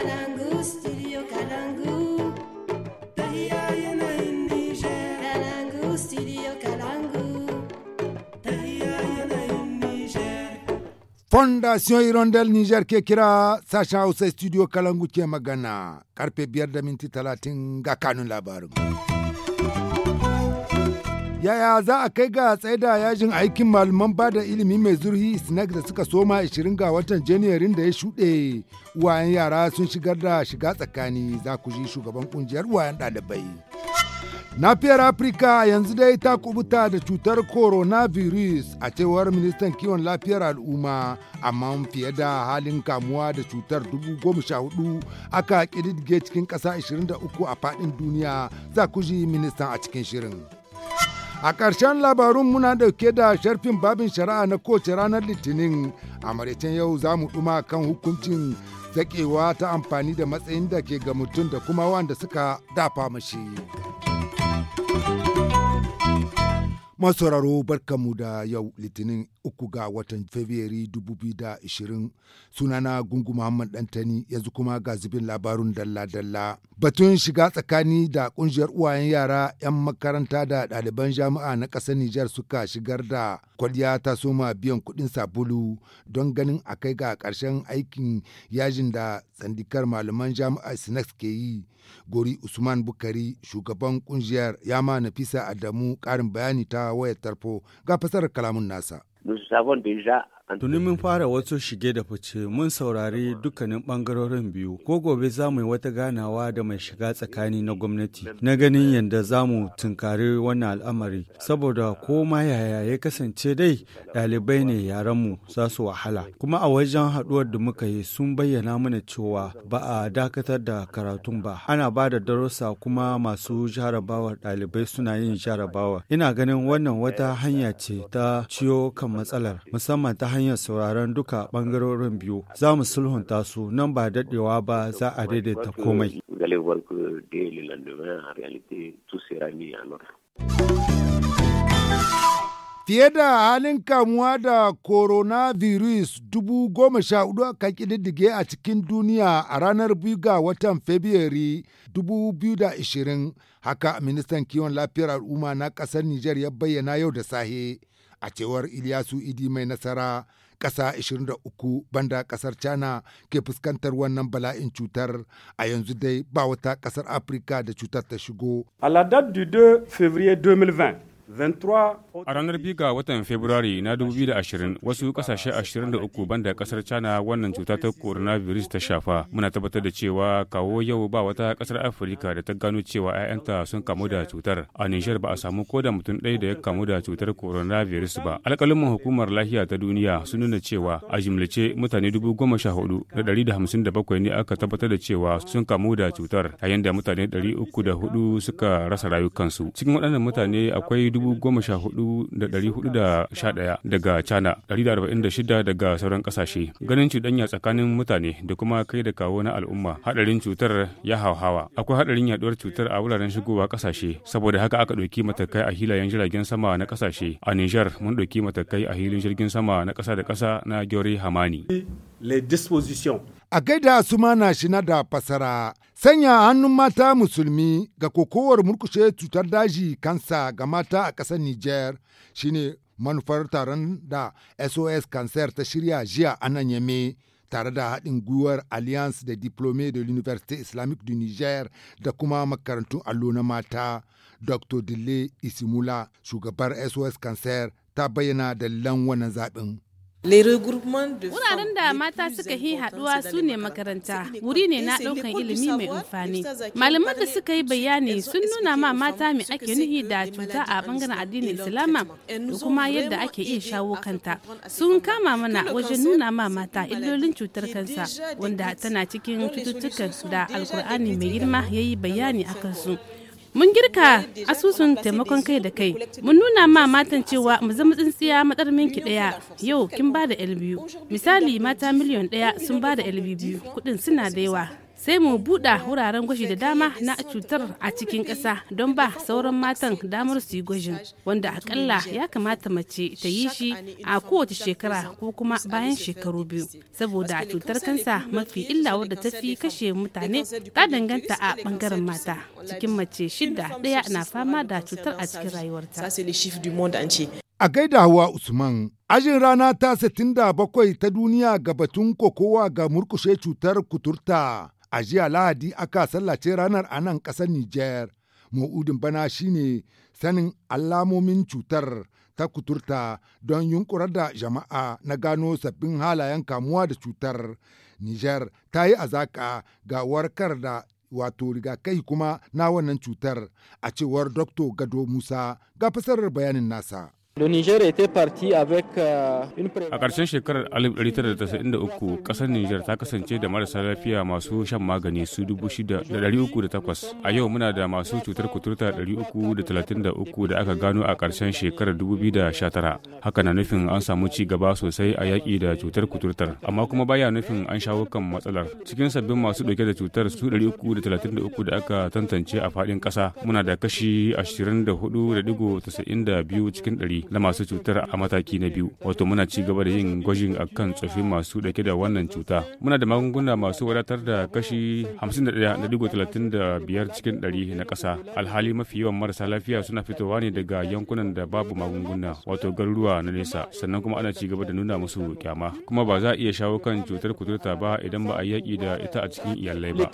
Kalangu, studio Kalangu. Tahiya yanayin Niger. studio Kalangu. yanayin Niger. Fondation Hirondel Niger ke kira sashen Hausa studio Kalangu ke magana. Karfe biyar da minti talatin ga kanun labarin. yaya za a kai ga tsaida yajin aikin malaman ba da ilimi mai zurhi snack da suka soma 20 ga watan janairun da ya shuɗe wayan yara sun shigar da shiga tsakani za ku ji shugaban kungiyar wayan ɗalibai nafiyar afirka yanzu dai ta kubuta da cutar coronavirus a cewar ministan kiwon lafiyar al'umma amma fiye da halin kamuwa da cutar 14,000 aka ƙididdige cikin ƙasa 23 a faɗin duniya za ku ji ministan a cikin shirin. A ƙarshen labarun muna dauke da sharfin babin shari'a na kowace ranar Litinin a maraicen yau za mu ɗuma kan hukuncin zaƙewa ta amfani da matsayin da ke ga mutum da kuma wanda suka dafa mashi. masauraro barkamu da yau litinin uku ga watan fabrairu suna sunana gungu muhammad dantani yanzu kuma ga zubin labarun dalla-dalla batun shiga tsakani da kungiyar uwayen yara 'yan makaranta da ɗaliban jami'a na ƙasar nijar suka shigar da kwalliya ta soma biyan kuɗin sabulu don ganin a kai ga ƙarshen aikin yajin da tsandikar malaman jami'a sinex ke yi gori usman bukari shugaban kungiyar yama nafisa adamu ƙarin bayani ta wayar tarfo ga fasarar kalamun nasa. Nusu Sabon da Tuni mun fara wasu shige da fice mun saurari dukkanin bangarorin biyu ko gobe za mu yi wata ganawa da mai shiga tsakani na gwamnati na ganin yadda za mu tunkari wannan al'amari saboda ko ma yaya ya kasance dai ɗalibai ne yaranmu za su wahala kuma a wajen haɗuwar da muka yi sun bayyana mana cewa ba a dakatar da karatun ba ana ba da darussa kuma masu jarabawar ɗalibai suna yin jarabawa ina ganin wannan wata hanya ce ta ciyo kan matsalar musamman ta hanyar hanyar sauraron duka bangarorin biyu za mu sulhunta su nan ba daɗewa ba za a daidaita komai. Fiye da halin kamuwa da coronavirus dubu goma sha hudu aka kididdige a cikin duniya a ranar biyu ga watan Fabrairu dubu biyu da ashirin haka ministan kiwon lafiyar al'umma na ƙasar Nijar ya bayyana yau da sahe. a cewar Iliyasu Idi mai nasara ƙasa 23 banda ƙasar China ke fuskantar wannan bala'in cutar a yanzu dai ba wata ƙasar Afirka da cutar ta shigo. A la date du 2 février 2020 A ranar biyu ga watan Fabrairu na 2020 wasu kasashe 23 da kasar China wannan cuta ta coronavirus ta shafa. Muna tabbatar da cewa kawo yau ba wata kasar Afirka da ta gano cewa 'ya'yanta sun kamu da cutar. A Nijar ba a samu ko da mutum ɗaya da ya kamu da cutar coronavirus ba. Alƙalin hukumar lafiya ta duniya sun nuna cewa a jimlice mutane bakwai ne aka tabbatar da cewa sun kamu da cutar, yayin da mutane 304 suka rasa rayukansu. Cikin waɗannan mutane akwai 14,411 daga China, 146 daga sauran kasashe Ganin cuɗanya tsakanin mutane da kuma kai da kawo na al'umma, haɗarin cutar ya hauhawa. Akwai haɗarin yaɗuwar cutar a wuraren shigowa kasashe saboda haka aka ɗauki matakai a hilayen jiragen sama na kasashe A Nijar, mun ɗauki matakai a hilin jirgin sama na ƙasa da ƙasa na Gyori Hamani. A gaida suma na shi na da fasara Sanya hannun mata musulmi ga kokowar murkushe cutar daji kansa ga mata a ƙasar niger shine manufar taron da SOS Cancer ta shirya jiya a nan yame tare da haɗin gwiwar Alliance da diplome de l'Université Islamique du Niger da kuma makarantun allo na mata. Dr. Dille Isimula, shugabar SOS Cancer, ta bayyana dalilan wannan zaɓin. Wuraren da mata suka yi haɗuwa su ne makaranta, wuri ne na ɗaukan ilimi mai amfani. Malaman da suka yi bayani sun nuna ma mata mai ake nuhi da cuta a bangaren addinin Islama da kuma yadda ake iya shawo kanta. Sun kama mana wajen nuna ma mata illolin cutar kansa wanda tana cikin cututtukan da Alkur'ani mai girma ya yi bayani akan su mun girka asusun taimakon kai da kai mun nuna ma matan cewa mu zama tsintsiya matsar minki daya yau kin ba da biyu misali mata miliyon daya sun ba da biyu kudin suna da yawa sai mu buɗa wuraren gwaji da dama na cutar a cikin ƙasa don ba sauran matan damar su yi gwajin wanda akalla ya kamata mace ta yi shi a kowace shekara ko kuma bayan shekaru biyu saboda cutar kansa mafi illa wadda ta fi kashe mutane ta danganta a bangaren mata cikin mace shida ɗaya na fama da cutar a cikin rayuwarta A gaida hawa Usman, ajin rana ta 67 ta duniya ga batun kokowa ga murkushe cutar kuturta. A jiya Lahadi aka sallace ranar a nan ƙasar Nijar. Ma'udin bana shine sanin alamomin cutar ta kuturta don yunkurar da jama'a na gano sabbin halayen kamuwa da cutar. Nijar ta yi azaka ga warkar da wato rigakai kuma na wannan cutar a cewar Dr. Gado Musa ga fasarar bayanin nasa. Euh, a ƙarshen shekarar 1993, ƙasar Nijar ta kasance da marasa lafiya masu shan magani su 6,308. A yau muna da masu cutar kuturta 333 da aka gano a ƙarshen shekarar 2019. Haka na nufin an samu ci gaba sosai a yaƙi da cutar kuturtar, amma kuma baya nufin an shawo kan matsalar. Cikin sabbin masu ɗauke da cutar su 333 da aka tantance a faɗin ƙasa, muna da kashi 24.92 cikin 100 na masu cutar a mataki na biyu wato muna ci gaba da yin gwajin a kan tsofin masu dauke da wannan cuta muna da magunguna masu wadatar da kashi 51.35 cikin 100 na ƙasa alhali mafi yawan marasa lafiya suna fitowa ne daga yankunan da babu magunguna wato garuruwa na nesa sannan kuma ana ci gaba da nuna musu kyama kuma ba za a iya shawo kan cutar kuturta ba idan ba a yaƙi da ita a cikin iyalai ba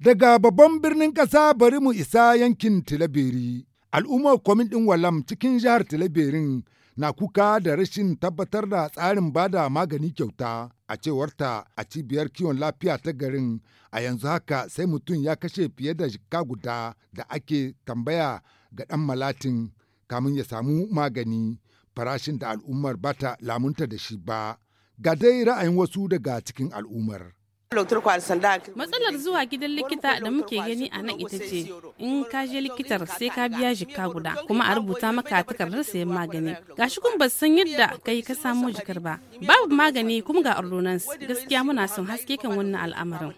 Daga babban birnin ƙasa bari mu isa yankin tilabiri Al'ummar kwamin ɗin Walam cikin jihar Talabirin na kuka da rashin tabbatar da tsarin bada magani kyauta a cewarta a cibiyar kiwon lafiya ta garin a yanzu haka sai mutum ya kashe fiye da jika guda da ake tambaya ga ɗan malatin kamun ya samu magani farashin da al'ummar bata lamunta da shi ba ga dai ra'ayin wasu daga cikin al'ummar. Matsalar zuwa gidan likita da muke gani a nan ita ce in ka je likitar sai ka biya jika guda kuma a rubuta maka takardar sayan magani. ga shi kun ba san yadda kai ka samu jikar ba. Babu magani kuma ga ordonance gaskiya muna son haske kan wannan al'amarin.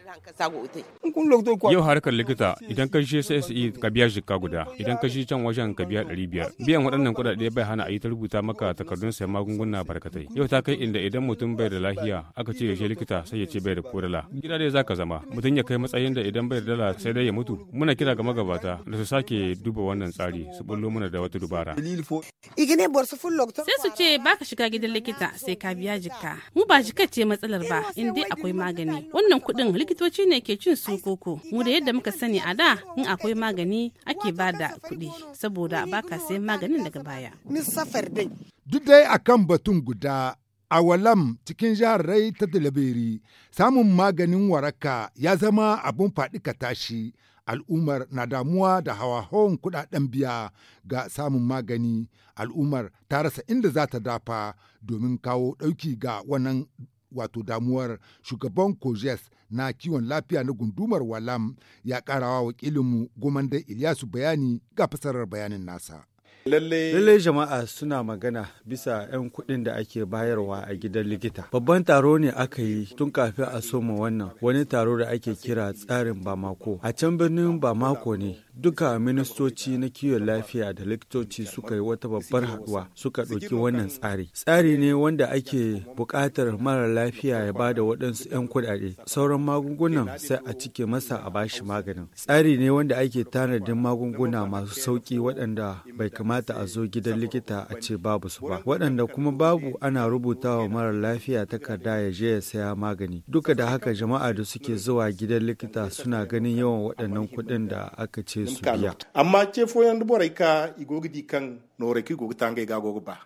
Yau harkar likita idan ka je sai e ka biya jika guda idan ka je can wajen ka biya ɗari biyar. Biyan waɗannan kuɗaɗe bai hana a yi ta rubuta maka takardun sayan magunguna barkatai. Yau ta kai inda idan mutum bai da lafiya aka ce ya je likita sai ya ce bai da kodala gida dai zaka zama mutum ya kai matsayin da idan bai dala sai dai ya mutu muna kira ga magabata da su sake duba wannan tsari su bullo muna da wata dubara sai su ce baka shiga gidan likita sai ka biya jika mu ba jika ce matsalar ba in dai akwai magani wannan kuɗin likitoci ne ke cin su koko mu da yadda muka sani a da in akwai magani ake ba da kuɗi saboda baka sayan maganin daga baya duk dai akan batun guda a walam cikin jihar rai ta Dalabiri samun maganin waraka ya zama abin ka tashi al'ummar na damuwa da hawa-hawan kudaden biya ga samun magani al'ummar ta rasa inda za ta dafa domin kawo ɗauki ga wannan wato damuwar shugaban kojes na kiwon lafiya na gundumar walam ya ƙarawa wakilinmu gomandan ilyasu bayani ga fasarar bayanin nasa. Lalle jama'a suna magana bisa 'yan kuɗin da ake bayarwa a gidan likita. Babban taro ne aka yi tun kafin a soma wannan wani taro da ake kira tsarin Bamako. A can birnin Bamako ne duka ministoci na kiwon lafiya da likitoci suka yi wata babbar haduwa, suka ɗauki wannan tsari tsari ne wanda ake buƙatar mara lafiya ya bada waɗansu 'yan kuɗaɗe sauran magungunan sai a cike masa a bashi maganin tsari ne wanda ake tanadin magunguna masu sauƙi waɗanda bai kamata a zo gidan likita a ce babu su ba waɗanda kuma babu ana rubuta wa mara lafiya takarda ya je ya saya magani duka da haka jama'a da suke zuwa gidan likita suna ganin yawan waɗannan kuɗin da aka ce amma ce foyan borai ka kan nore ki gogi tanga ga gogi ba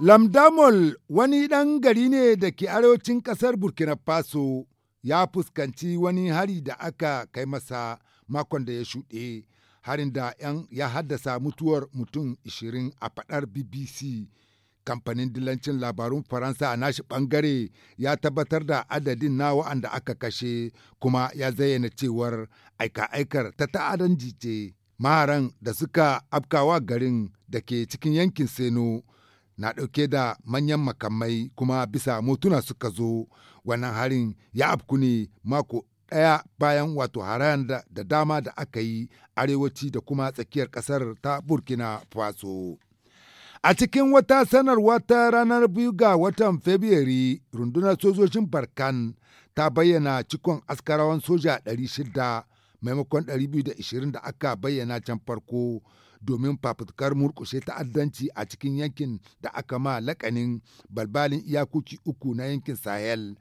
Lamdamol wani ɗan gari ne da ke arewacin ƙasar Burkina Faso ya fuskanci wani hari da aka kai masa makon da ya shuɗe, harin da ya haddasa mutuwar mutum 20 a faɗar BBC kamfanin dilancin labarun faransa a nashi bangare ya tabbatar da adadin na wa'anda aka kashe kuma ya zayyana cewar aika-aikar ta ta'adanci ce maharan da suka afkawa garin da ke cikin yankin seno na ɗauke da manyan makamai kuma bisa motuna suka zo wannan harin ya afku ne mako ɗaya bayan wato harayan da dama da aka yi arewaci da kuma tsakiyar ƙasar ta burkina faso A cikin wata sanarwa ta ranar biyu ga watan Fabrairu, rundunar sojojin Barkan ta bayyana cikon askarawan soja 600 maimakon 220 da aka bayyana can farko domin fafutukar murkushe ta'addanci a cikin yankin da aka ma lakanin balbalin iyakoki uku na yankin Sahel.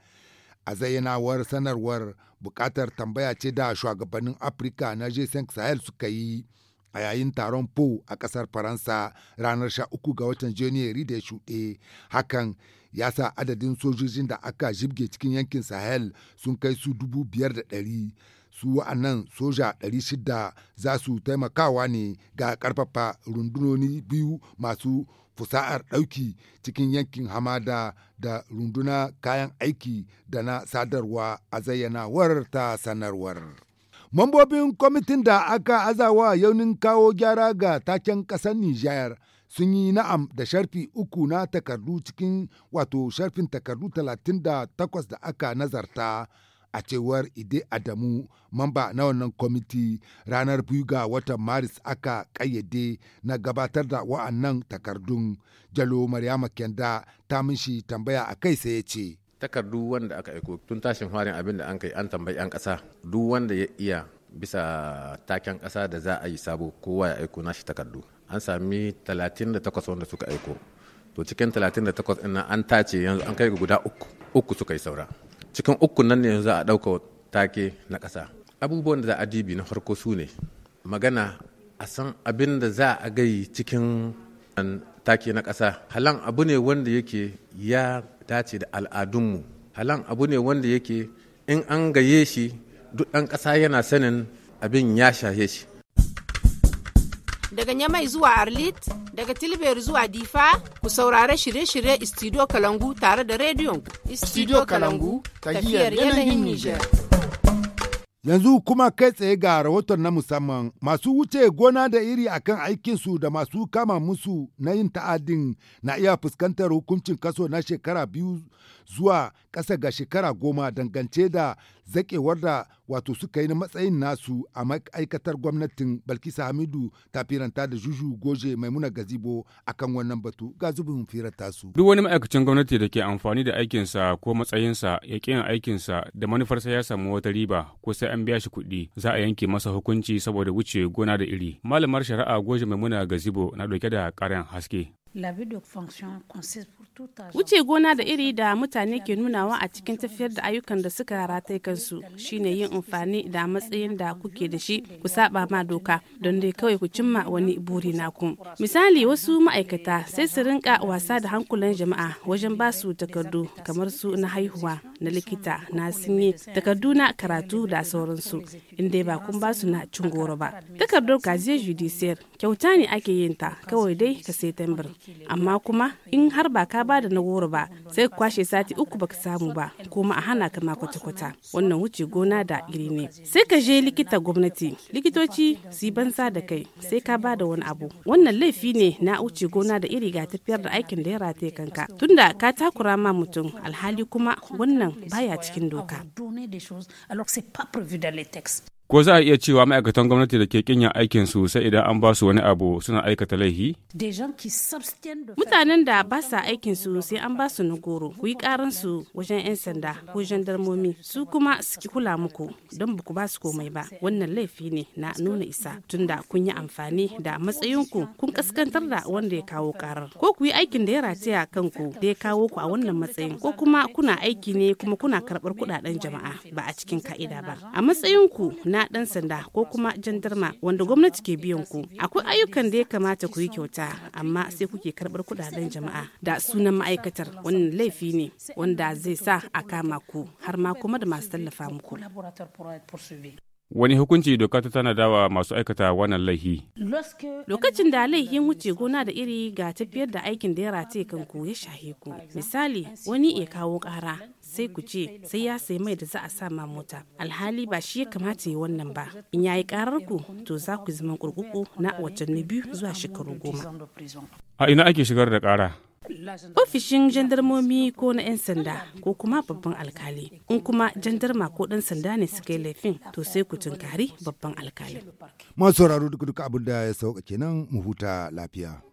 A zayyanawar sanarwar bukatar tambaya ce da shugabannin Afirka na Jason Sahel suka yi. a yayin taron po a kasar faransa ranar sha uku ga watan janairu da ya shuɗe hakan ya sa adadin sojojin da aka jibge cikin yankin sahel sun kai su dubu biyar da ɗari su wa'annan soja 600 za su taimakawa ne ga ƙarfafa rundunoni biyu masu fusa'ar ɗauki cikin yankin hamada da runduna kayan aiki da na sadarwa a zayyanawar ta sanarwar. Mambobin kwamitin da aka azawa yaunin kawo gyara ga taken ƙasar Nijar sun yi na'am da sharfi uku na takardu cikin wato sharfin takardu 38 da aka nazarta. a cewar ide adamu mamba na wannan kwamiti ranar biyu ga watan maris aka kayyade na gabatar da wa'annan takardun jalo maryama kenda ta mishi tambaya a kai sai ya ce takardu wanda aka aiko tun tashin farin abin da an kai an tambayi an kasa duk wanda ya iya bisa taken kasa da za a yi sabo kowa ya aiko nashi takardu an sami 38 wanda suka aiko to cikin 38 ina an tace yanzu an kai guda uku uku suka yi saura cikin uku nan ne yanzu a ɗauka take na kasa abubuwan da za a dibi na farko su ne magana a san abin da za a gai cikin take na ƙasa halan abu ne wanda yake ya dace da al'adunmu halan abu ne wanda yake in an gaye shi duk ɗan ƙasa yana sanin abin ya shahe shi daga Nyamai zuwa Arlit, daga Tilber zuwa Difa, ku saurare shirye-shirye Studio Kalangu tare da rediyon Studio Kalangu, tahiyar yanayin Nijar. Yanzu kuma kai tsaye ga rahoton na musamman masu wuce gona da iri akan aikinsu da masu kama musu na yin ta'adin na iya fuskantar hukuncin kaso na shekara biyu zuwa ƙasa ga shekara goma dangance da zakewar da wato suka yi na matsayin nasu a ma'aikatar gwamnatin Balkisa Hamidu ta firanta da Juju Goje Maimuna Gazibo a kan wannan batu ga zubin firar tasu. Duk wani ma'aikacin gwamnati da ke amfani da aikinsa ko matsayinsa ya ƙi yin aikinsa da manufarsa ya samu wata riba ko sai an biya shi kuɗi za a yanke masa hukunci saboda wuce gona da iri. Malamar shari'a Goje Maimuna Gazibo na ɗauke da ƙarin haske. la vie de fonction consiste Wuce gona da iri da mutane ke nunawa a cikin tafiyar da ayyukan da suka rata kansu shine yin amfani da matsayin da kuke da shi ku saba ma doka don dai kawai ku cimma wani buri naku. Misali wasu ma'aikata sai su rinka wasa da hankulan jama'a wajen ba su takardu kamar su na haihuwa na likita na sinye takardu na karatu da sauransu inda ba kun ba su na cin goro ba takardar kaziyar judiciyar kyauta ne ake yin ta kawai dai ka sai amma kuma in har ba ka ba da na goro ba sai ka kwashe sati uku baka samu ba kuma a hana ka ma kwata wannan wuce gona da iri ne sai ka je likita gwamnati likitoci su yi bansa da kai sai ka ba da wani abu wannan laifi ne na wuce gona da iri ga tafiyar da aikin da ya rataye kanka tunda ka takura ma mutum alhali kuma wannan donner des choses alors que ce n'est pas prévu dans les textes. Ko za a iya cewa ma'aikatan gwamnati da ke kinya aikin su sai idan an ba su wani abu suna aikata laihi? Mutanen da ba sa aikin su sai an ba su na ku yi karan su wajen 'yan sanda ko jandarmomi su kuma su ki kula muku don ba ku ba su komai ba. Wannan laifi ne na nuna isa tunda kun yi amfani da matsayinku kun kaskantar da wanda ya kawo karar. Ko ku yi aikin da ya rataya kanku da ya kawo ku a wannan matsayin ko kuma kuna aiki ne kuma kuna karɓar kuɗaɗen jama'a ba a cikin ka'ida ba. A matsayinku na na dan sanda ko kuma jandarma wanda gwamnati ke biyan ku akwai ayyukan da ya kamata ku yi kyauta amma sai kuke karbar kudaden jama'a da sunan ma'aikatar wannan laifi ne wanda zai sa a kama ku har ma kuma da masu tallafa muku Wani hukunci doka ta tana dawa masu aikata wannan laihi? Lokacin da laihin wuce gona da iri ga tafiyar da aikin da ya rataye kanku ya shahe ku. Misali, wani ya kawo ƙara, sai ku ce sai ya sayi mai da za a sa ma mota alhali ba shi ya kamata yi wannan ba in yayi karar ku to za ku zama kurkuku na watanni biyu zuwa shekaru goma a ina ake shigar da kara ofishin jandarmomi ko na 'yan sanda ko kuma babban alkali in kuma jandarma ko dan sanda ne suka yi laifin to sai ku tunkari babban alkali masu sauraro duk duka abin da ya sauka kenan mu huta lafiya